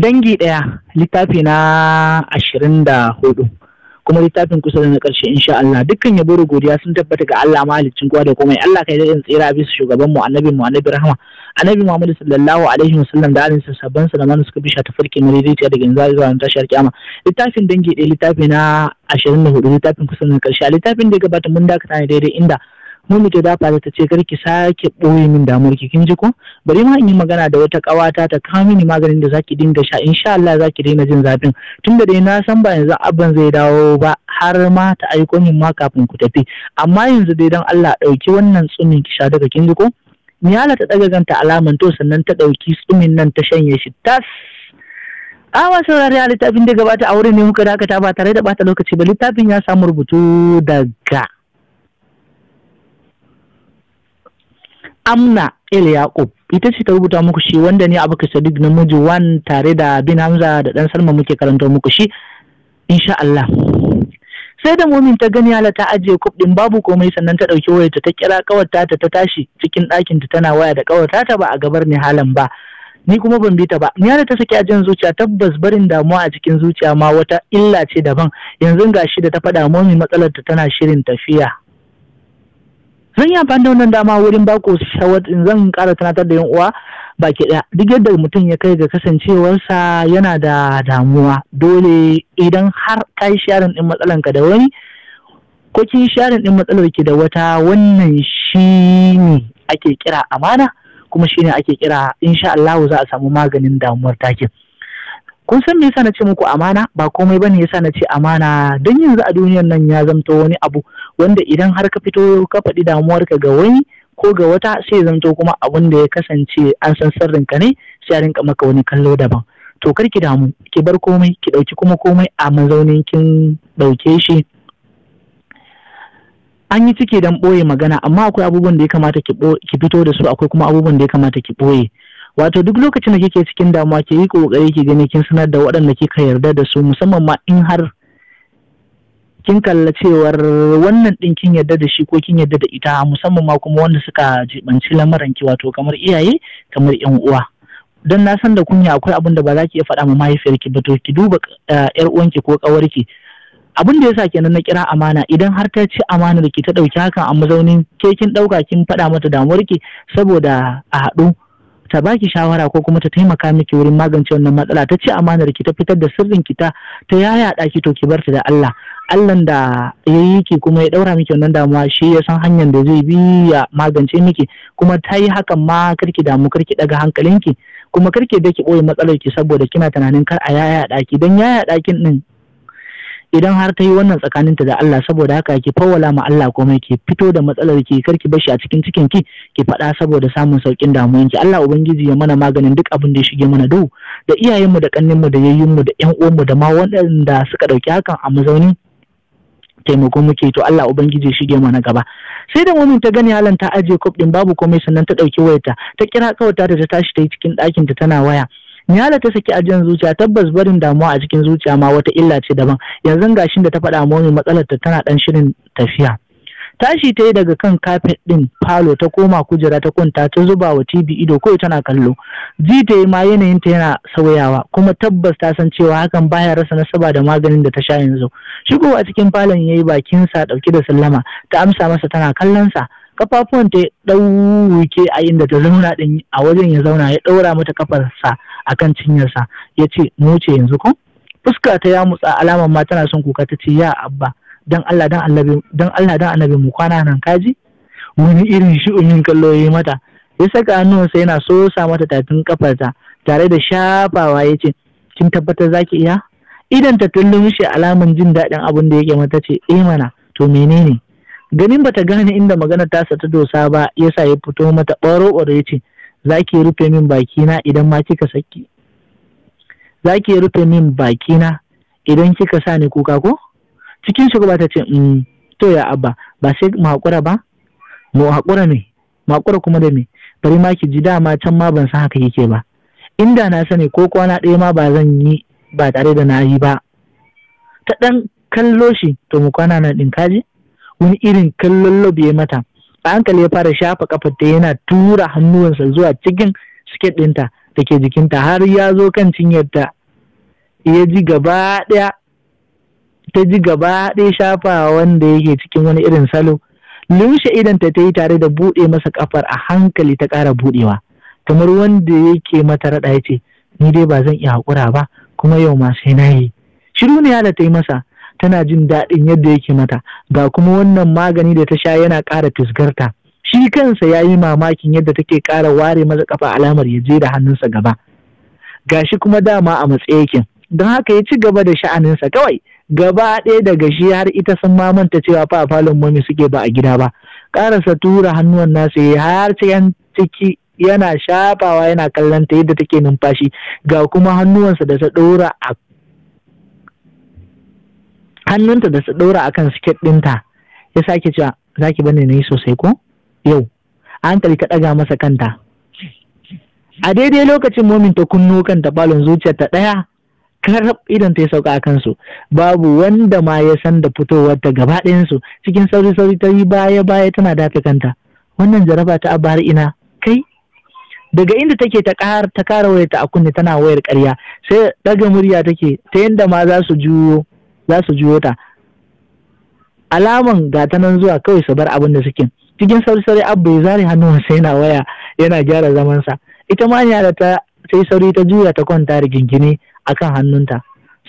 dangi ɗaya littafi na ashirin da hudu kuma littafin kusa da na ƙarshe insha Allah dukkan yabo da godiya sun tabbata ga Allah mahaliccin kowa da komai Allah kai daɗin tsira bisa shugaban mu annabi mu annabi rahama annabi Muhammad sallallahu alaihi sallam da alinsa sabban sa da suka bisha ta farki na ridita daga yanzu zuwa tashar kiyama littafin dangi ɗaya littafi na ashirin da hudu littafin kusa da na ƙarshe littafin da ya gabata mun dakata ne daidai inda mummy mu da fara ta ce kar ki sake boye min damuwar ki kin ji ko bari ma in yi magana da wata kawata ta kawo mini maganin da zaki dinga sha insha Allah zaki daina jin zafin tunda dai na san ba yanzu abban zai dawo ba har ma ta aiko min ma kafin ku tafi amma yanzu dai dan Allah dauki wannan tsumin ki sha daga kin ji ko Niyala ta daga ganta alaman to sannan ta dauki tsumin nan ta shanye shi tas wasu saurari a littafin da gabata a wurin ne muka dakata ba tare da bata lokaci ba littafin ya samu rubutu daga amna el yaqub ita ce ta rubuta muku shi wanda ne abu sadiq namiji wan tare da bin hamza da dan salma muke karanta muku shi insha Allah sai da momin ta gani ala ta ajiye kub din babu komai sannan ta dauki wayarta ta kira kawarta ta ta tashi cikin ɗakin ta tana waya da kawarta ta ba a gabar ni halan ba ni kuma ban bi ta ba ni ta saki a jan zuciya tabbas barin damuwa a cikin zuciya ma wata illa ce daban yanzu ga shi da ta faɗa mumin matsalar ta tana shirin tafiya zan yi amfani da wannan dama wurin bako shawarar zan kara tunatar da yan uwa baki ɗaya duk yadda mutum ya kai ga kasancewarsa yana da damuwa dole idan har ka yi sharin ɗin matsalanka da wani ko kin sharin ɗin matsalar ki da wata wannan shi ne ake kira amana kuma shi ne ake kira insha Allah za a samu maganin damuwar takin kun san me yasa na ce muku amana ba komai bane yasa na ce amana don yanzu a duniyar nan ya zamto wani abu wanda idan har ka fito ka faɗi damuwarka ga wani ko ga wata sai zanto kuma abun da ya kasance an san sirrin ka ne sai a rinka maka wani kallo daban to kar ki damu ki bar komai ki ɗauki kuma komai a mazaunin kin ɗauke shi an yi ciki don ɓoye magana amma akwai abubuwan da ya kamata ki fito da su akwai kuma abubuwan da ya kamata ki ɓoye wato duk lokacin da kike cikin damuwa ki yi kokari ki gani kin sanar da waɗanda kika yarda da su musamman ma in har kin kalla cewar wannan ɗin kin yadda da shi ko kin yadda da ita musamman ma kuma wanda suka jibanci lamarin ki wato kamar iyaye kamar yan uwa don na san da kunya akwai abin da ba za ki iya faɗa ma mahaifiyarki ba to ki duba yar eh, uwanki ko ƙawarki abin da yasa kenan na kira amana idan har ta ci amanar ki ta ɗauki hakan a mazaunin ke kin ɗauka kin faɗa mata damuwarki saboda a haɗu ta baki shawara ko kuma ta taimaka miki wurin magance wannan matsala ta ce amanar ki ta fitar da sirrin ki ta ta yaya daki to ki barta da Allah Allah da ya yi ki kuma ya daura miki wannan damuwa shi ya san hanyar da zai bi ya magance miki kuma ta yi hakan ma karki damu karki daga hankalinki kuma karki da ki boye matsalar ki saboda kina tunanin kar a yaya daki dan yaya dakin din idan har ta yi wannan ta da Allah saboda haka ki fawwala ma Allah komai ki fito da matsalar ki kar ki bashi a cikin cikin ki ki faɗa saboda samun saukin damuwan ki Allah ubangiji ya mana maganin duk abin da ya shige mana duhu da iyayenmu da kanninmu da yayyinmu da ƴan uwanmu da ma waɗanda suka ɗauki hakan a mazauni taimako muke to Allah ubangiji shige mana gaba sai da mumin ta gani halan ta aje kop din babu komai sannan ta ɗauki wayarta ta kira kawata da ta tashi ta yi cikin ɗakin ta tana waya Nihala ta saki ajiyar zuciya tabbas barin damuwa a cikin zuciya ma wata illa ce daban. Yanzu gashin da ta faɗa momi matsalar ta tana ɗan shirin tafiya. Tashi ta yi daga kan kafet ɗin falo ta koma kujera ta kunta ta zuba wa TV ido kawai tana kallo. Ji ta yi ma yanayin ta yana sauyawa kuma tabbas ta san cewa hakan baya rasa nasaba da maganin da ta sha yanzu. Shigowa cikin falon ya yi bakinsa ɗauke da sallama ta amsa masa tana kallon sa. kafafuwan ta ya ɗauke a inda ta zauna ɗin a wajen ya zauna ya ɗaura mata kafarsa a kan cinyarsa ya ce mu wuce yanzu ko fuska ta ya mutsa alamar ma tana son kuka ta ce ya abba dan Allah dan annabi dan Allah dan annabi mu kwana nan kaji wani irin shi'umin kallo ya mata ya saka hannunsa yana sosa mata tafin kafarta tare da shafawa ya ce kin tabbatar zaki iya idan ta tullu shi alamun jin daɗin abin da yake mata ce eh mana to menene ganin bata gane inda magana tasa ta dosa ba yasa ya fito mata ɓaro ɓaro ya ce za ki rufe min bakina idan ma kika saki za ki rufe min bakina idan kika sa ni kuka ko cikin shi ta ce in mm, to ya abba ba sai mu ba mu hakura ne mu haƙura kuma da me bari ma ki ji dama can ma ban san haka kike ba inda na sani ko kwana ɗaya ma ba zan yi ba tare da na yi ba ta ɗan kallo shi to mu kwana na ɗin kaji wani irin kallon lob ya mata a hankali ya fara shafa ta yana tura hannuwansa zuwa cikin siket ɗinta da ke jikinta har ya zo kan cinyarta ya ji gaba ɗaya ta ji gaba ɗaya shafa wanda yake cikin wani irin salo lushe idan ta yi tare da buɗe masa kafar a hankali ta ƙara buɗewa kamar wanda yake mata raɗa ya ce ni dai ba zan iya haƙura ba kuma yau ma sai na yi shiru ne da ta yi masa tana jin daɗin yadda yake mata ga kuma wannan magani da ta sha yana ƙara fisgarta shi kansa ya yi mamakin yadda take ƙara ware masa kafa alamar ya je da hannunsa gaba gashi kuma dama a matsayakin don haka ya ci gaba da sha'aninsa kawai gaba ɗaya daga shi har ita sun mamanta cewa fa falon mami suke ba a gida ba ƙarasa tura hannuwan nasa ya har 'yan ciki yana shafawa yana kallon ta yadda take numfashi ga kuma hannuwansa da ta ɗora a hannunta da su ɗaura akan siket ɗinta ya sake cewa za ki bane na yi sosai ko yau a hankali ta ɗaga masa kanta a daidai lokacin momin ta kunno kanta falon zuciya ta ɗaya karab idan ta yi sauka a kansu babu wanda ma ya san da fitowar ta gaba ɗayansu cikin sauri sauri ta yi baya baya tana dafe kanta wannan jaraba ta abar ina kai daga inda take ta ƙara ta kara wayarta a kunne tana wayar ƙarya sai daga murya take ta yadda ma za su juyo za su juyo ta alaman gata nan zuwa kawai su bar abin da suke cikin sauri-sauri abu ya zare hannun sai yana waya yana gyara zamansa ita ma da ta sai sauri ta juya ta kwanta rigingine akan hannunta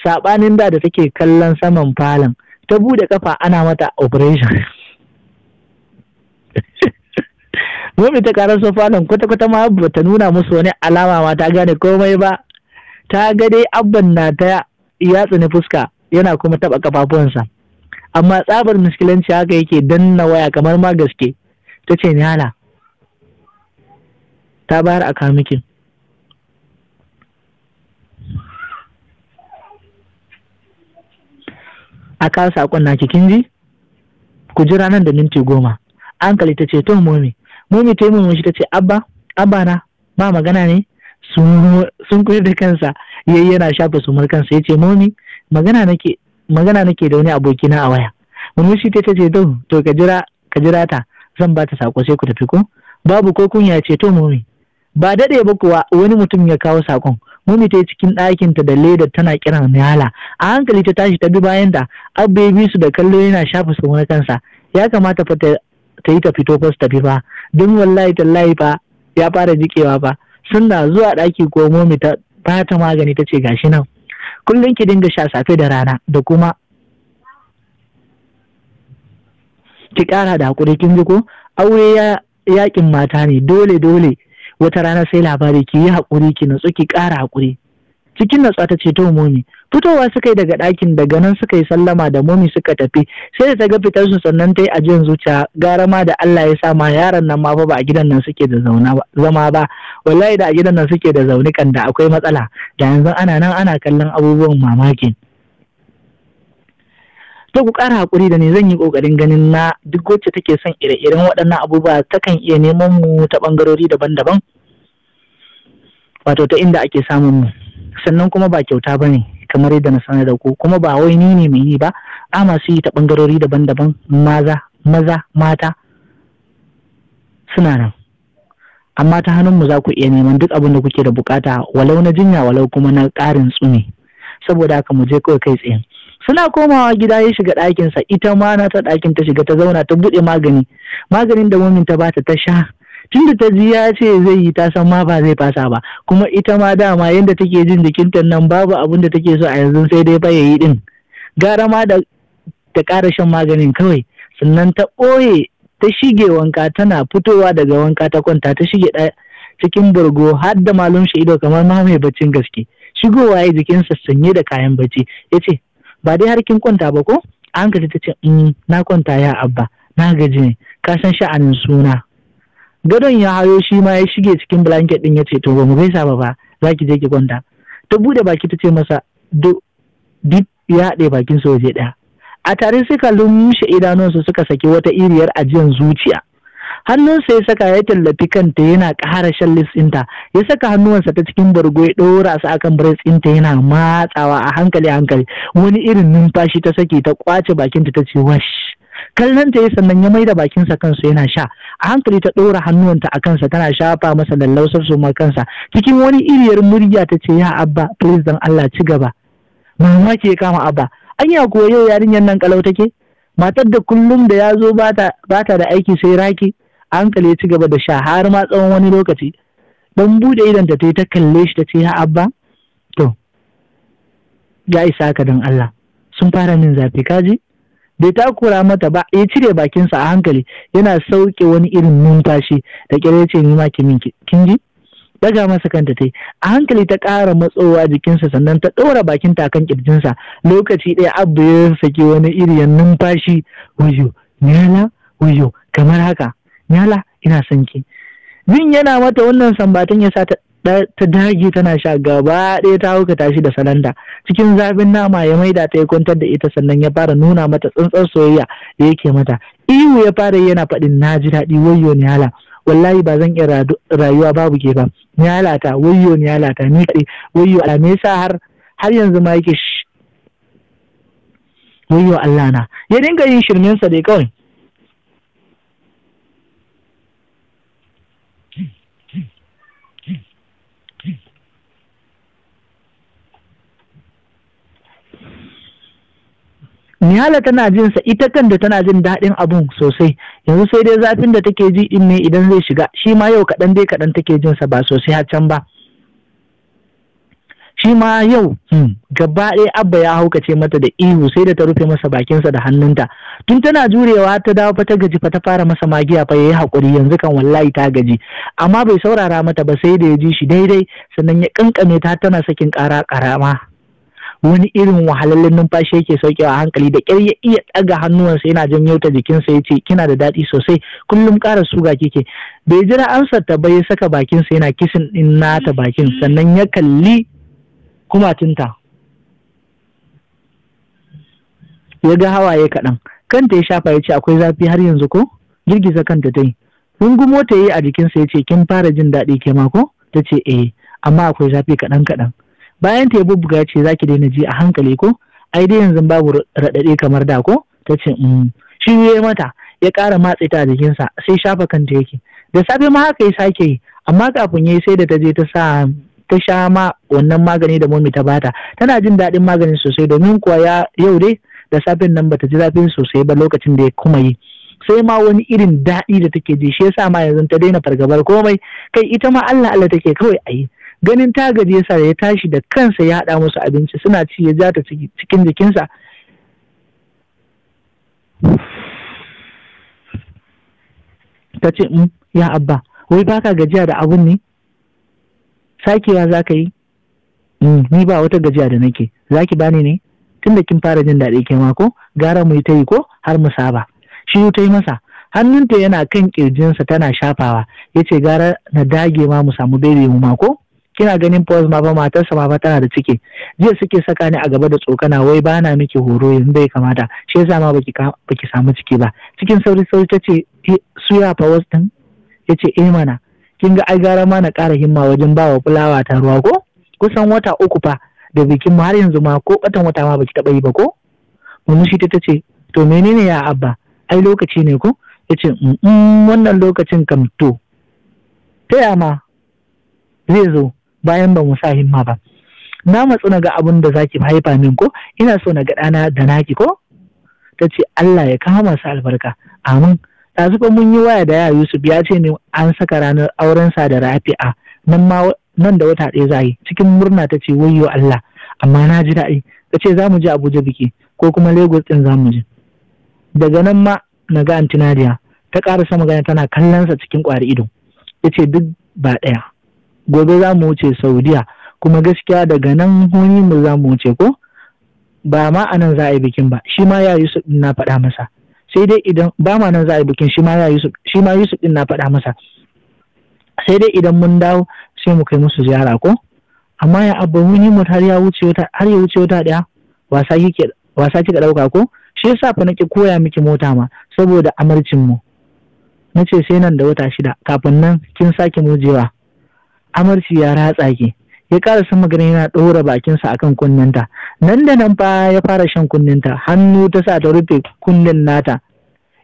saɓanin da da take kallon saman falon ta bude kafa ana mata operation mami ta karar falon kwata-kwata ma abu ta nuna musu wani alama ma ta gane komai ba ta ga dai abban na ta yatsu ne fuska yana kuma taɓa kafafuwansa amma tsabar miskilanci haka yake danna waya kamar ma gaske ta ce nyala ta bayar a kamikin a kawo saƙon naki kin ji ku ji ranar da minti goma hankali ta ce to momi momi ta yi shi ta ce abba abba na ba magana ne sun kuri da kansa yayi yana shafa sumar kansa ya ce momi magana nake da wani abokina a waya shi ta ce to to ka jira ta zan ba ta sako sai ku tafi ko babu ko kunya ce to mummy ba daɗe ba kuwa wani mutum ya kawo sakon mumi ta cikin ɗakin ta da leda tana kiran hala a hankali ta tashi ta bi bayan da abba su da kallo yana shafa su wani kansa ya kamata fa ta yi ta fito ko su tafi fa don wallahi tallahi fa ya fara jikewa fa na zuwa ɗaki ko momi ta ta magani ta ce gashi nan kullum ki dinga sha safe da rana da kuma ki ƙara da hakuri kin ji ko aure ya yakin mata ne dole dole wata rana sai labari ki yi hakuri ki natsu ki ƙara hakuri cikin natsuwa ta ce to momi fitowa suka yi daga ɗakin daga nan suka yi sallama da momi suka tafi sai da ta ga fitar su sannan ta yi ajiyar zuciya gara ma da Allah ya sa ma yaran nan ma ba a gidan nan suke da zama ba wallahi da a gidan nan suke da zaune kan da akwai matsala da yanzu ana nan ana kallon abubuwan mamaki. ta ku ƙara haƙuri da ni zan yi ƙoƙarin ganin na duk wacce take son ire-iren waɗannan abubuwa ta kan iya neman mu ta ɓangarori daban-daban wato ta inda ake samun mu sannan kuma ba kyauta ba ne kamar yadda na sanar da ku kuma ba wai ni ne mai yi ba a masu yi ta bangarori daban-daban maza maza mata suna nan amma ta hannunmu za ku iya neman duk abin da kuke da bukata walau na jinya walau kuma na karin tsumi saboda haka mu je kawai kai tsaye suna komawa gida ya shiga ɗakinsa ita ma na ta ɗakin ta shiga ta zauna ta buɗe magani maganin da mumin ta bata ta sha tunda ta ji ya ce zai yi ta san ma ba zai fasa ba kuma ita ma dama yadda take jin jikinta nan babu abin da take so a yanzu sai dai baya ya yi din gara ma da ta ƙara shan maganin kawai sannan ta ɓoye ta shige wanka tana fitowa daga wanka ta kwanta ta shige ɗaya, cikin burgo har da malum shi ido kamar ma mai baccin gaske shigowa ya jikinsa sanye da kayan bacci ya ce ba dai har kin kwanta ba ko an ka ta ce mm, na kwanta ya abba na gaji ne ka san sha'anin suna gadon ya hayo shi ma ya shige cikin blanket din ya ce to ba mu gaisa ba ba za ki je ki kwanta ta bude baki ta ce masa duk ya haɗe bakin sa waje ɗaya a tare suka lumshe idanunsa suka saki wata iriyar ajiyar zuciya hannunsa ya saka ya tallafi kanta yana ƙara shan ɗinta ya saka hannuwansa ta cikin bargo ya ɗora su akan breast ɗinta yana matsawa a hankali hankali wani irin numfashi ta saki ta kwace bakinta ta ce wash kallon ta sannan ya mai maida bakinsa kansu yana sha a hankali ta ɗora hannuwanta a kansa tana shafa masa lallausar sumar kansa cikin wani iriyar murya ta ce ya abba please dan Allah ci gaba mamaki ya kama abba anya ko yau yarinyar nan kalau take matar da kullum da ya zo bata da aiki sai raki a hankali ya ci gaba da sha har ma tsawon wani lokaci dan bude idan ta ta kalle shi ta ce ya abba to ya isa ka dan Allah sun fara min zafi kaji bai takura mata ba ya cire bakinsa a hankali yana sauke wani irin numfashi da kira ya ce ni ma kimin kin daga masa kanta ta a hankali ta ƙara matsowa jikinsa sannan ta ɗora bakin ta kan ƙirjinsa lokaci ɗaya abu ya saki wani ya numfashi wajo nyala wajo kamar haka nyala ina son ki jin yana mata wannan sambatan ya sa ta ta dagi tana sha gaba ɗaya ta hauka tashi da salanta cikin zafin nama ya maida ta ya kwantar da ita sannan ya fara nuna mata tsantsar soyayya da yake mata ihu ya fara yana faɗin na ji daɗi wayyo ni hala wallahi ba zan iya rayuwa babu ke ba ni halata wayyo ni halata ni kaɗai wayyo ala me yasa har har yanzu ma yake wayyo Allah na ya dinga yin shirminsa dai kawai Niyala tana jin sa ita kan da tana jin daɗin abun sosai yanzu sai dai zafin da take ji din ne idan zai shiga shi ma yau kaɗan dai kaɗan take jin sa ba sosai har can ba shi ma yau hmm, gaba ɗaya abba ya haukace mata da ihu sai da ta rufe masa bakinsa da hannunta tun tana jurewa ta dawo fa ta gaji fa ta fara masa magiya fa yayi hakuri yanzu kan wallahi ta gaji amma bai saurara mata ba sai da ya ji shi daidai sannan ya kankame ta tana sakin ƙara ƙarama wani irin wahalallin numfashi yake saukewa hankali da ƙyar ya iya ɗaga hannuwansa yana janyo ta jikinsa ya ce kina da daɗi sosai kullum ƙara suga kike bai jira amsar ta bai saka bakinsa yana kisin ɗin nata bakin sannan ya kalli kumatinta ya ga hawaye kaɗan kanta ya shafa ya ce akwai zafi har yanzu ko girgiza kanta ta yi rungumo ta yi a jikinsa ya ce kin fara jin daɗi ke mako ta ce eh amma akwai zafi kaɗan kaɗan bayan ta bubbuga ce za ki daina ji a hankali ko ai dai yanzu babu raɗaɗe kamar da ko ta ce mm. shi ya mata ya ƙara matse ta a jikinsa sai shafa kanta yake da safe ma haka ya sake yi amma kafin ya yi sai da ta je ta sa ta sha ma wannan magani da mummy ta bata tana jin daɗin maganin sosai domin kuwa ya yau dai da safen nan bata ji zafin sosai ba lokacin da ya kuma yi sai ma wani irin daɗi da take ji shi yasa ma yanzu ta daina fargabar komai kai ita ma Allah Allah take kawai a yi ganin ta gaji yasa ya tashi da kansa ya haɗa musu abinci suna ci ya ja ta cikin jikinsa ta ce mm, ya abba wai baka gajiya da abun ne sakewa za ka yi mm, ni ba wata gajiya da nake za ki bani ne tun da kin fara jin daɗi ke mako gara mu yi ta yi ko har mu saba shi ta yi masa hannunta yana kan ƙirjinsa tana shafawa ya ce gara na dage ma mu samu bebe mu mako kina ganin pause ma ba matarsa ma ba tana da ciki jiya suke saka ni a gaba da tsokana wai ba na miki horo yanzu bai kamata shi yasa ma baki samu ciki ba cikin sauri sauri tace eh, su ya pause din yace eh mana kin ga ai gara ma na ƙara himma wajen bawa fulawa ta ruwa ko kusan wata uku fa da bikin ma har yanzu ma ko batan wata ma baki taba yi ba ko shi ta tace to menene ya abba ai lokaci ne ko yace wannan lokacin kam to ta ma zai zo bayan ba mu sa himma ba na matsu na ga abin da zaki haifa min ko ina so na ga ɗana da naki ko ta ce Allah ya kama su albarka amin ta zuba mun yi waya da ya Yusuf ya ce ni an saka ranar aurensa da Rafi'a nan ma nan da wata ɗaya za yi cikin murna ta ce wayyo Allah amma na ji daɗi ta ce za mu je Abuja biki ko kuma Lagos ɗin za mu je daga nan ma na ga Antinadiya ta ƙarasa magana tana kallon sa cikin ƙwari ido ya ce duk ba ɗaya gobe za mu wuce saudiya kuma gaskiya daga nan huni mu za mu wuce ko ba ma a nan za a yi bikin ba shi ma ya yusuf na faɗa masa sai dai idan ba ma nan za a yi bikin shi ma ya yusuf shi ma yusuf din na faɗa masa sai dai idan mun dawo sai mu kai musu ziyara ko amma ya abu huni mu har ya wuce wata har ya wuce wata daya wasa kike wasa kika dauka ko shi yasa fa nake koya miki mota ma saboda amarcin mu nace sai nan da wata shida kafin nan kin sake mujewa amarci ya ratsa ki ya sama magana yana ɗora bakinsa kan kunninta nan da nan fa ya fara shan kunninta hannu ta sa ta rufe kunnin nata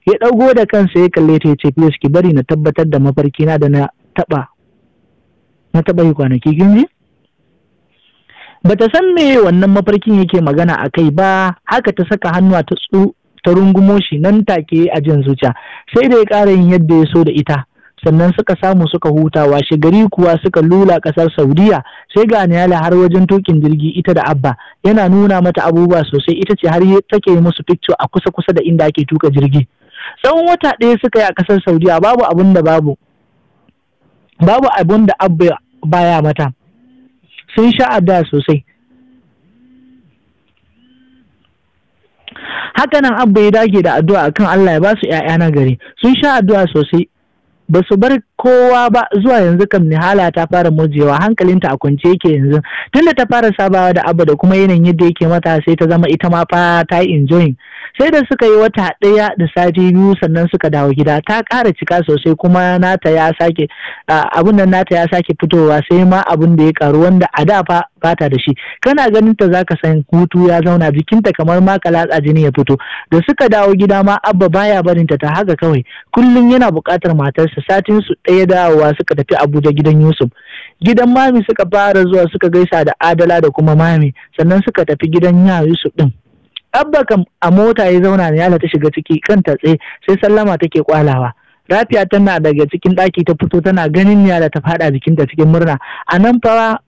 ya ɗago da kansa ya kalle ta ya ce fiye ki bari na tabbatar da mafarki na da na taɓa yi kwanaki kin ji Ba ta san me wannan mafarkin yake magana a kai ba haka ta saka hannu ta tsu ta rungumo shi nan take a jin zuciya sai da ya ƙara yin yadda ya so da ita sannan suka samu suka hutawa gari kuwa suka lula kasar saudiya sai ga niyala har wajen tukin jirgi ita da abba yana nuna mata abubuwa sosai ita ce har take musu picture a kusa kusa da inda ake tuka jirgi tsawon wata ɗaya suka yi a kasar saudiya babu abun da babu babu abun da abba baya mata sun sha adda sosai haka nan abba ya dage da addu'a akan Allah ya ba su ‘ya'ya na gari sun sha addu'a sosai ba su bari kowa ba zuwa yanzu kam hala ta fara mujewa hankalinta a kwance yake yanzu tunda ta fara sabawa da abu da kuma yanayin yadda yake mata sai ta zama ita ma fa ta enjoying sai da suka yi wata ɗaya da sati biyu sannan suka dawo gida ta ƙara cika sosai kuma nata ya sake abun nan nata ya sake fitowa sai ma abun da ya karu wanda a da fa bata da shi kana ganin ta zaka san hutu ya zauna jikinta kamar ma kalatsa jini ya fito da suka dawo gida ma abba baya barinta ta haka kawai kullum yana buƙatar matarsa satin su ɗaya dawowa suka tafi Abuja gidan Yusuf. Gidan mami suka fara zuwa suka gaisa da Adala da kuma mami sannan suka tafi gidan ya Yusuf ɗin. Abba kam a mota ya zauna ne yala ta shiga ciki kan tatse sai sallama take kwalawa. Rafiya tana daga cikin ɗaki ta fito tana ganin yala ta faɗa jikinta cikin murna. A nan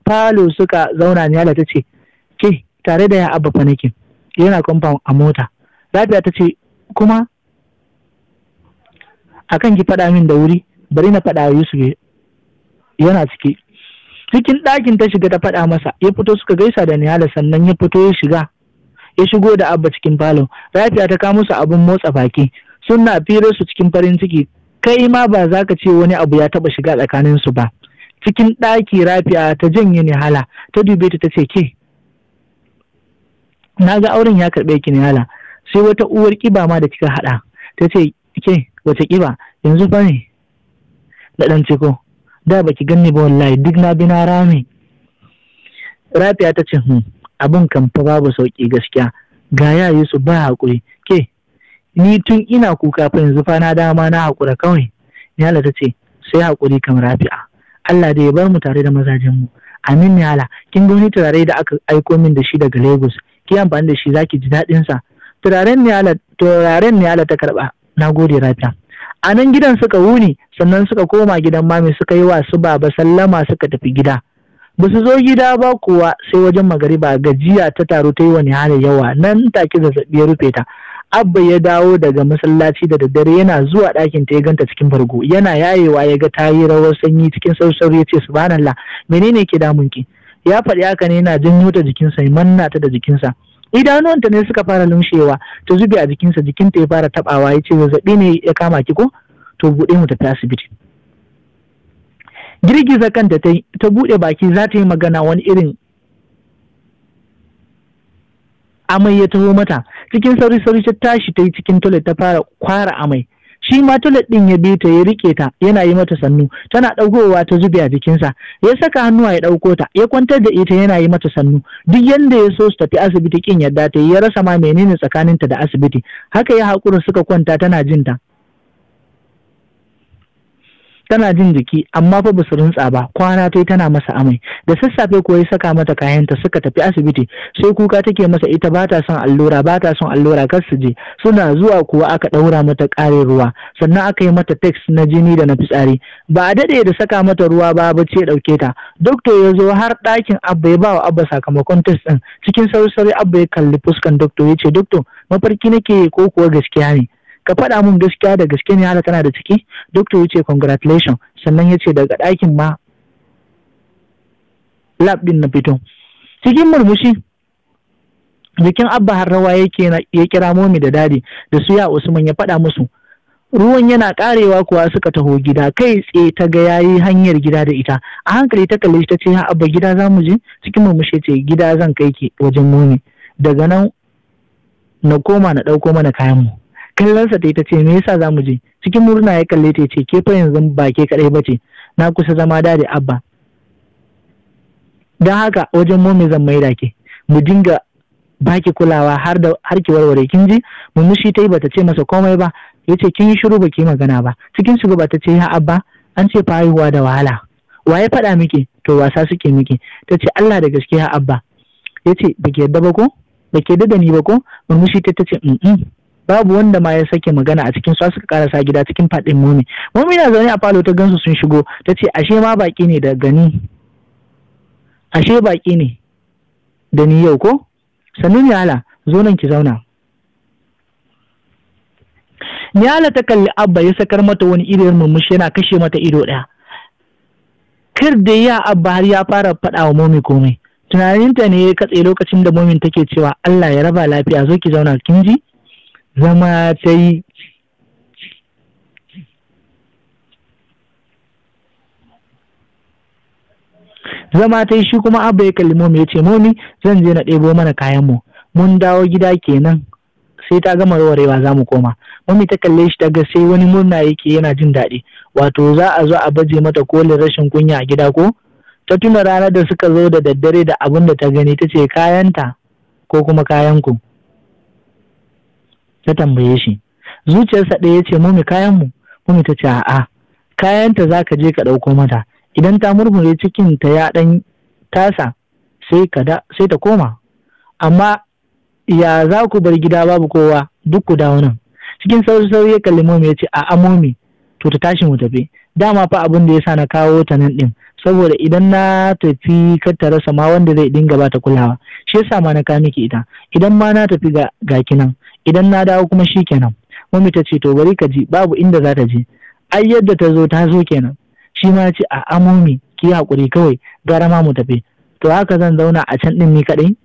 falo suka zauna yala ta ce, ke tare da ya abba fa nake yana kwamfan a mota. Rafiya ta ce, kuma akan ki faɗa min da wuri bari na faɗa Yusuf yana ciki cikin ɗakin ta shiga ta faɗa masa ya fito suka gaisa da Nihala sannan ya fito ya shiga ya shigo da Abba cikin falon Rafiya ta kawo musu abin motsa baki suna fira su cikin farin ciki kai ma ba za ka ce wani abu ya taɓa shiga tsakanin su ba cikin ɗaki Rafiya ta janye Nihala ta dube ta ce ke na ga auren ya karɓe ki Nihala sai wata uwar kiba ma da kika haɗa ta ce ke wace kiba? yanzu fa ne da ɗan ciko da baki ganni ba wallahi duk na bi na rami rafiya ta ce hun hmm, abin kan fa babu sauki gaskiya ga yi su ba haƙuri ke ni tun ina kuka fa yanzu fa na dama na haƙura kawai Niyala ta ce sai haƙuri kan rafi'a Allah da ya bar mu tare da mazajen mu amin Niyala kin ga wani turare da aka aiko min da shi daga Lagos ki amfani da shi zaki ji daɗin sa turaren Niyala turaren Niyala ta karba nagode rafi'a a nan gidan suka wuni sannan suka koma gidan mami suka yi wa su baba sallama suka tafi gida ba su zo gida ba kuwa sai wajen magariba gajiya ta taru ta yi wani hali yawa nan take zazzabi ya rufe ta abba ya dawo daga masallaci da daddare yana zuwa ɗakin ta ya ganta cikin bargo yana yayewa ya ga ta yi rawar sanyi cikin sausau ya ce subhanallah menene ke damun ki ya faɗi haka ne yana janyo ta jikinsa ya manna ta da jikinsa idanuwanta ne suka fara lunshewa ta zube a jikinsa jikinta ya fara tabawa ya ce zazzabi ne ya kama ki ko to buɗe mu tafi asibiti girgiza kanta ta ta buɗe baki za ta yi magana wani irin amai ya taho mata cikin sauri sauri ta tashi ta yi cikin toilet ta fara kwara amai shi ma tulad ɗin ya bi ta ya rike ta yana yi mata sannu tana ɗaukowa ta zube a jikinsa ya saka hannuwa ya ɗauko ta ya kwantar da ita yana yi mata sannu duk yanda ya so su tafi asibiti kin yadda ta ya rasa ma menene tsakaninta da asibiti haka ya haƙura suka kwanta tana jin ta tana jin jiki amma fa basu rintsa ba kwana tai tana masa amai da sassafe ko ya saka mata kayanta suka tafi asibiti sai kuka take masa ita ba ta son allura ba ta son allura kar su je suna zuwa kuwa aka ɗaura mata ƙarin ruwa sannan aka yi mata text na jini da na fitsari ba a daɗe da saka mata ruwa ba ba ce dauke ta doctor ya zo har ɗakin abba ya ba wa abba sakamakon test ɗin. cikin sauri abba ya kalli fuskan doctor ya ce doctor mafarki nake ko kuwa gaskiya ne ka faɗa mun gaskiya da gaske ne tana da ciki doctor yace congratulation sannan yace daga ɗakin ma lab din na fito cikin murmushi jikin abba har rawa yake ya kira momi da dadi da su ya usman ya faɗa musu ruwan yana karewa kuwa suka taho gida kai tse ta ga yayi hanyar gida da ita a hankali ta kalle ta ce abba gida za mu je cikin murmushi ce gida zan kai ki wajen momi daga nan na koma na ɗauko mana kayan mu kallonsa ta ta ce me yasa za mu je cikin murna ya kalle ta ce ke fa yanzu ba ke kadai ba ce na kusa zama da da abba don haka wajen me zan mai da ke mu dinga baki kulawa har da har ki warware kin ji mumushi ta yi bata ce masa komai ba yace kin yi shiru baki magana ba cikin shiru bata ce ya abba an ce fa haihuwa da wahala Wa ya faɗa miki to wasa suke miki ta ce Allah da gaske ha abba yace baki yadda ba ko baki yadda da ni ba ko murmushi ta ce mm babu wanda ma ya sake magana a cikin su suka karasa gida cikin faɗin mumi mumi na zaune a falo ta gansu sun shigo ta ce ashe ma baki ne da gani ashe baki ne da ni yau ko sannu niyala zo nan ki zauna niyala ta kalli abba ya sakar mata wani irin murmushi yana kashe mata ido ɗaya kar da ya abba har ya fara faɗa wa momi komai tunaninta ne ya katse lokacin da momin take cewa Allah ya raba lafiya zo ki zauna kin ji zama ta yi zama ta yi shi kuma abu ya kalli momi ya ce momi zan je na ɗebo mana kayan mu mun dawo gida kenan sai ta gama warwarewa za mu koma mami ta kalle shi daga sai wani murna yake yana jin daɗi wato za a zo a baje mata kolin rashin kunya a gida ko ta tuna ranar da suka zo da daddare da abin da ta gani ta ce kayanta ko kuma kayanku ta tambaye shi zuciyarsa ɗaya ya ce mumi kayan mu mumi ta ce a'a kayanta za ka je ka ɗauko mata idan ta murmure cikin ta ya ɗan tasa sai ta koma amma ya za ku bar gida babu kowa duk ku dawo nan cikin sauri sauri ya kalli mami ya ce a amomi to ta tashi mu tafi dama fa abin da ya sa na kawo ta nan ɗin saboda idan na tafi karta ta rasa ma wanda zai dinga ba ta kulawa shi yasa ma na miki ita idan ma na tafi ga gaki nan idan na dawo kuma shi kenan mami ta ce to bari ka ji babu inda za ta je ai yadda ta zo ta zo kenan shi ma ce a amomi ki hakuri kawai gara ma mu tafi to haka zan zauna a can din ni kadai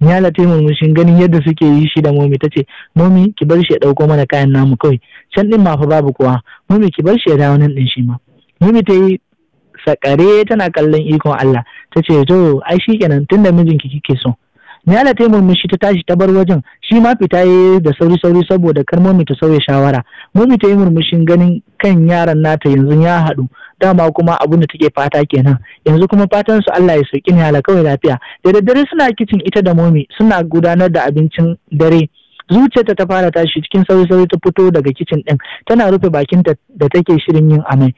Nyala ta murmushin ganin yadda suke yi shi da mami ta ce mami ki bar shi ya dauko mana kayan namu kawai can din ma fa babu kowa mami ki bar shi ya dawo nan din shi ma mami ta yi sakare tana kallon ikon Allah ta ce to ai shikenan tunda mijinki kike so ni ala ta murmushi ta tashi ta bar wajen shi ma fita yi da sauri sauri saboda kar momi ta sauya shawara momi ta yi murmushin ganin kan yaran nata yanzu ya haɗu dama kuma abunda da take fata kenan yanzu kuma fatan su Allah ya sauki ni ala kawai lafiya da daddare suna kicin ita da momi suna gudanar da abincin dare zuciyarta ta fara tashi cikin sauri sauri ta fito daga kicin ɗin, tana rufe bakinta da take shirin yin amai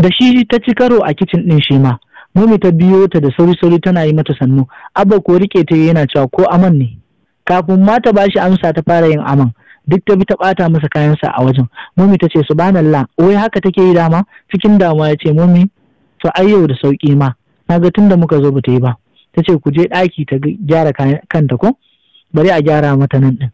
da shi ta ci karo a kicin ɗin shi ma mummy ta biyo ta da sauri-sauri tana yi mata sannu abba ko rike ta yana cewa ko aman ne kafin ma ta bashi amsa ta fara yin aman duk ta bi ta bata masa kayansa a wajen mummy ta ce subhanallah wai haka take yi dama cikin damuwa ya ce mummy to ai yau da sauki ma Na naga tunda muka zo ta yi ba ta ce ku je ɗaki ta gyara kanta ko bari a gyara mata nan ɗin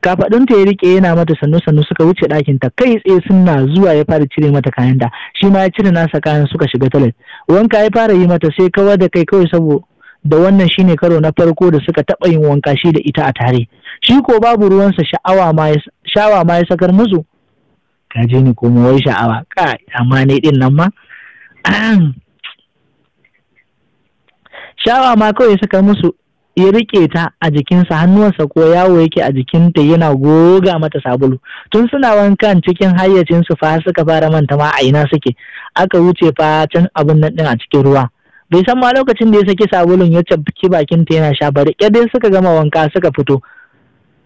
kafaɗinta ya rike yana mata sannu sannu suka wuce ɗakin ta kai tsaye suna zuwa ya fara cire mata kayan da. shi ma ya cire nasa kayan suka shiga talin wanka ya fara yi mata sai kawar da kai kawai saboda da wannan shine karo na farko da suka taɓa yin wanka shi da ita a tare shi ko babu ruwansa sha'awa ma ya sha'awa ma ya sakar musu ka je ni kuma wai sha'awa ka amma ne din nan ma sha'awa ma kawai ya sakar musu ya rike ta a jikinsa hannuwansa ko yawo yake a jikinta yana goga mata sabulu tun suna wankan cikin hayyacinsu fa suka fara manta ma a ina suke aka wuce fa can abin nan din a cikin ruwa bai san ma lokacin da ya saki sabulun ya bakin bakinta yana sha bari dai suka gama wanka suka fito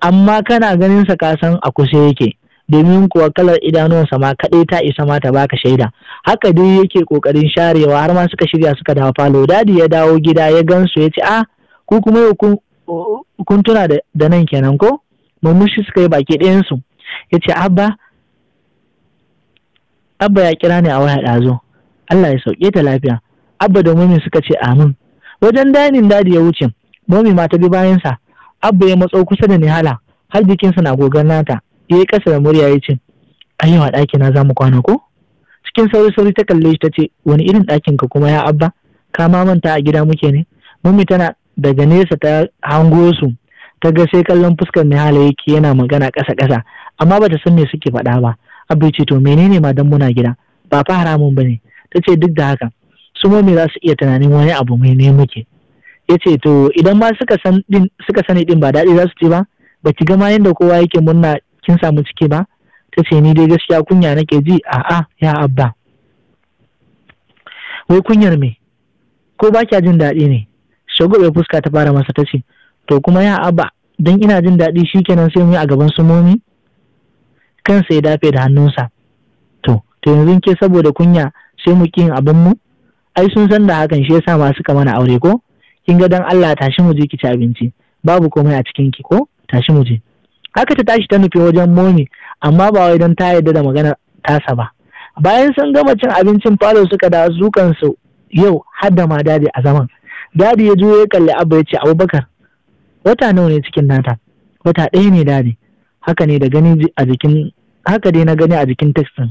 amma kana ganin sa ka san a kusa yake domin kuwa kalar idanuwansa ma kaɗai ta isa ma ta baka shaida haka dai yake ƙoƙarin sharewa har ma suka shirya suka dawo falo dadi ya dawo gida ya gansu ya ce a ah, Ko kuma yau kun tuna da nan kenan ko murmushi suka yi baki ɗayansu ya ce abba abba ya kira ni a waya ɗazo Allah ya sauke ta lafiya abba da mami suka ce amin wajen dainin dadi ya wuce mami ma ta bi bayansa abba ya matso kusa da nihala har jikinsa na gogan nata ya yi ƙasa da murya ya ce ayyawa ɗaki na za mu kwana ko cikin sauri sauri ta kalle shi ta ce wani irin ɗakin ka kuma ya abba ka ma manta a gida muke ne mami tana daga nesa ta hango su ta ga sai kallon fuskar nihala yake yana magana ƙasa ƙasa amma bata san me suke faɗa ba abu ce to menene ma dan muna gida ba fa haramun bane ta ce duk da haka su me za su iya tunanin wani abu mai ne muke ya ce to idan ma suka sani din ba daɗi za su ce ba ba ki gama yadda kowa yake murna kin samu ciki ba ta ce ni dai gaskiya kunya nake ji a'a ya abba wai kunyar me ko ba kya jin daɗi ne shagwabe fuska ta fara masa ta ce to kuma ya abba don ina jin daɗi shi kenan sai mu yi a gaban su momi kansa ya dafe da hannunsa to to yanzu ke saboda kunya sai mu kin abin mu ai sun san da hakan shi yasa ma suka mana aure ko kin ga dan Allah tashi mu je ki ci abinci babu komai a cikin ki ko tashi mu je haka ta tashi ta nufi wajen momi amma ba wai don ta yarda da maganar tasa ba bayan sun gama cin abincin falo suka da zukansu yau har da ma dade a zaman dadi ya zo ya kalli abu ya ce abubakar wata nawa ne cikin nata wata ɗaya ne dadi haka ne da gani a jikin haka dai na gani a jikin tekstin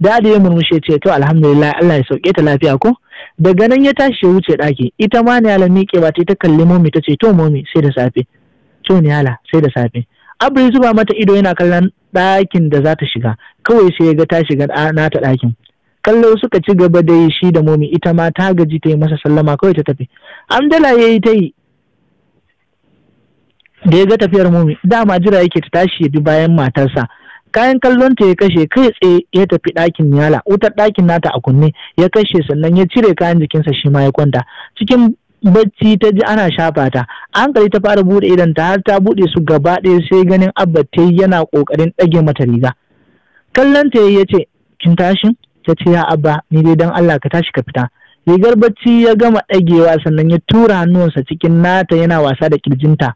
dadi ya murmushe ce to alhamdulillah Allah ya sauke ta lafiya ko daga nan ya tashi ya wuce ɗaki ita ma ala miƙe ba ta kalli momi ta ce to momi sai da safe to sai da safe ya zuba mata ido yana kallon ɗakin da za ta shiga kawai sai ya ga ta shiga nata ɗakin kallo suka ci gaba da yi shi da momi ita ma ta gaji ta yi masa sallama kawai ta tafi amdala ya yi ta yi da ya ga tafiyar momi dama jira yake ta tashi ya bi bayan matarsa kayan kallon ta ya kashe kai tsaye ya tafi ɗakin yala wutar ɗakin nata a kunne ya kashe sannan ya cire kayan jikinsa shi ma ya kwanta cikin bacci ta ji ana shafa ta hankali ta fara buɗe idan ta har ta buɗe su gaba ɗaya sai ganin abba ta yana ƙoƙarin ɗage mata riga kallon ta ya ce kin tashin Ta ce ya abba ni dai don Allah ka tashi ka fita rigar bacci ya gama ɗagewa sannan ya tura hannuwansa cikin nata yana wasa da kirjinta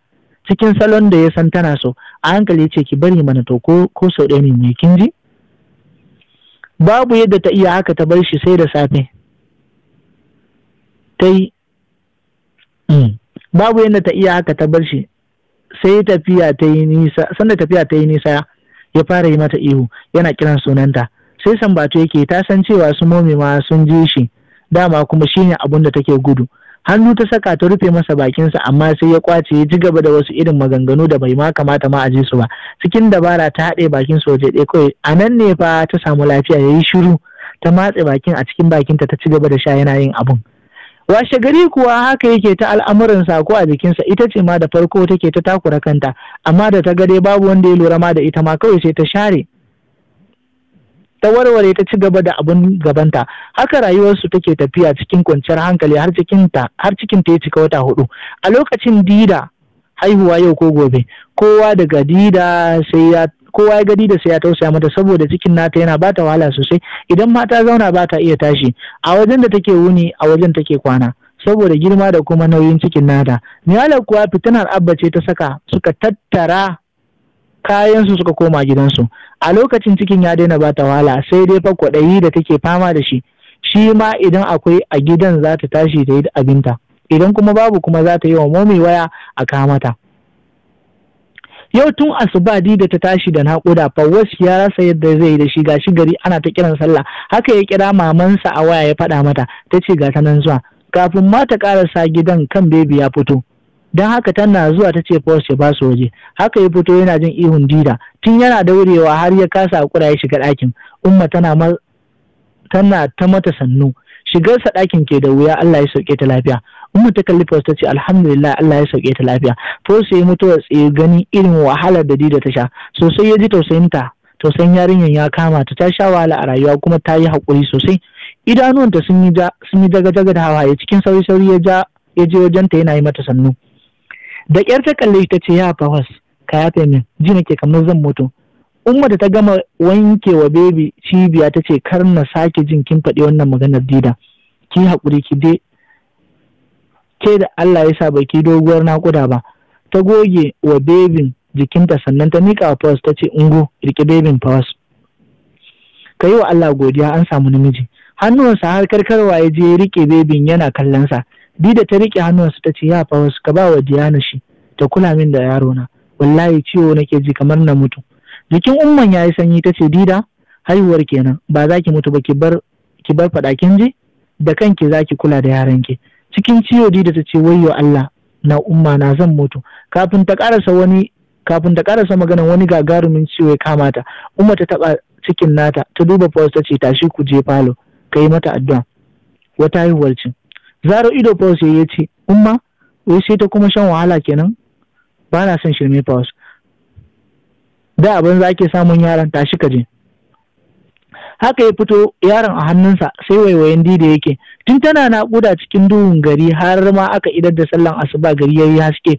cikin salon da ya san tana so a hankali ya ce ki bari mana to ko ko sau ɗaya ne me kin ji babu yadda ta iya haka ta bar shi sai da safe ta yi mm. babu yadda ta iya haka ta bar shi sai tafiya ta yi nisa sanda tafiya ta yi nisa ya fara yi mata ihu yana kiran sunanta sai sambato yake ta san cewa su momi ma sun ji shi dama kuma shine abun da take gudu hannu ta saka ta rufe masa bakinsa amma sai ya kwace ya ji gaba da wasu irin maganganu da bai ma kamata ma a su ba cikin dabara ta haɗe bakin su waje ɗaya kawai a nan ne fa ta samu lafiya ya yi shiru ta matse bakin a cikin bakinta ta ci gaba da sha yana yin abun washe gari kuwa haka yake ta al'amuran ko a jikinsa ita ce ma da farko take ta takura kanta amma da ta gade babu wanda ya lura ma da ita ma kawai sai ta share ta warware ta ci gaba da abin gabanta haka rayuwarsu take tafiya cikin kwanciyar hankali har cikin ta ya cika wata hudu a lokacin dida haihuwa yau ko gobe kowa daga dida sai ya kowa ya gadi da sai ya tausaya mata saboda cikin nata yana bata wahala sosai idan mata zauna ba ta iya tashi a wajen da take wuni a wajen take kwana saboda girma da kuma nauyin cikin nata Niyala kuwa fitinar abba ce ta saka suka tattara kayansu suka koma gidansu a lokacin cikin ya daina ba ta wahala sai dai fa kwaɗayi da take fama da shi shi ma idan akwai a gidan za ta tashi ta yi abinta idan kuma babu kuma za ta yi wa momi waya a kamata yau tun asuba da ta tashi da naƙuda fawwas ya rasa yadda zai yi da shi gashi gari ana ta kiran sallah haka ya kira mamansa a waya ya faɗa mata ta ce ga ta nan zuwa kafin ma ta ƙarasa gidan kan bebi ya fito don haka tana zuwa ta ce Paul ya ba su waje haka ya fito yana jin ihun dida tun yana daurewa har ya kasa hakura ya shiga ɗakin umma tana tana ta mata sannu shigarsa ɗakin ke da wuya Allah ya sauke ta lafiya umma ta kalli Paul ta ce alhamdulillah Allah ya sauke ta lafiya ya mutu a tsaye ganin irin wahalar da dida ta sha sosai ya ji tausayinta tausayin yarinyar ya kama ta ta sha wahala a rayuwa kuma ta yi haƙuri sosai idanuwanta sun yi daga-daga da hawaye cikin sauri-sauri ya je wajenta yana yi mata sannu da ƙyar ta kalle shi ta ce ya fawas ka yafe min ji nake kamar zan mutu umma da ta gama wanke wa bebi cibiya ta ce kar na sake jin kin faɗi wannan maganar dida ki haƙuri ki dai ke da Allah ya sa baki doguwar naƙuda ba ta goge wa bebin jikinta sannan ta miƙa wa fawas ta ce ungo riƙe bebin fawas ka yi wa Allah godiya an samu namiji hannuwansa har karkarwa ya je riƙe bebin yana kallonsa Dida ta riƙe su ta ce ya fa wasu ka ba wa Diyana shi ta kula min da yaro na wallahi ciwo nake ji kamar na mutu. Jikin umman ya yi sanyi ta ce Dida haihuwar kenan ba za ki mutu ba ki bar ki bar faɗa kin ji da kanki za ki kula da yaran ki. Cikin ciwo Dida ta ce wayyo Allah na umma na zan mutu kafin ta karasa wani kafin ta karasa magana wani gagarumin ciwo ya kama ta umma ta taba cikin nata ta duba fawus ta ce tashi ku je falo ka yi mata addu'a wata haihuwar cin zaro ido fawas ya ce umma wai sai ta kuma shan wahala kenan ba na son shirme fawas da abin za ke samun yaron tashi ka je haka ya fito yaron a hannunsa sai waiwayen dida yake tun tana naƙuda cikin duhun gari har ma aka idar da sallan asuba gari ya yi haske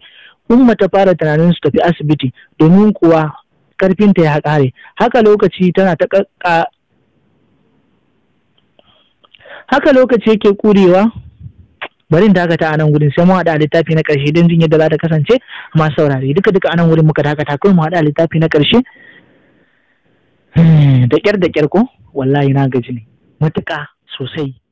umma ta fara tunanin su tafi asibiti domin kuwa karfinta ya kare haka lokaci tana ta haka lokaci yake kurewa barin dakata a nan gudun sai mu haɗa littafi na ƙarshe don jin yadda za ta kasance masu saurari. duka duka a nan gudun muka dakata kai mu haɗa littafi na ƙarshe da ƙyar da ƙyar ko wallahi na gaji ne matuƙa sosai